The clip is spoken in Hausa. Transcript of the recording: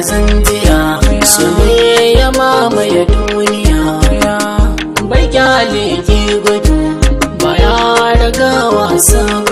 bazan su ne ya mamaye duniya bai kyale ke gudu ba ya daga wasa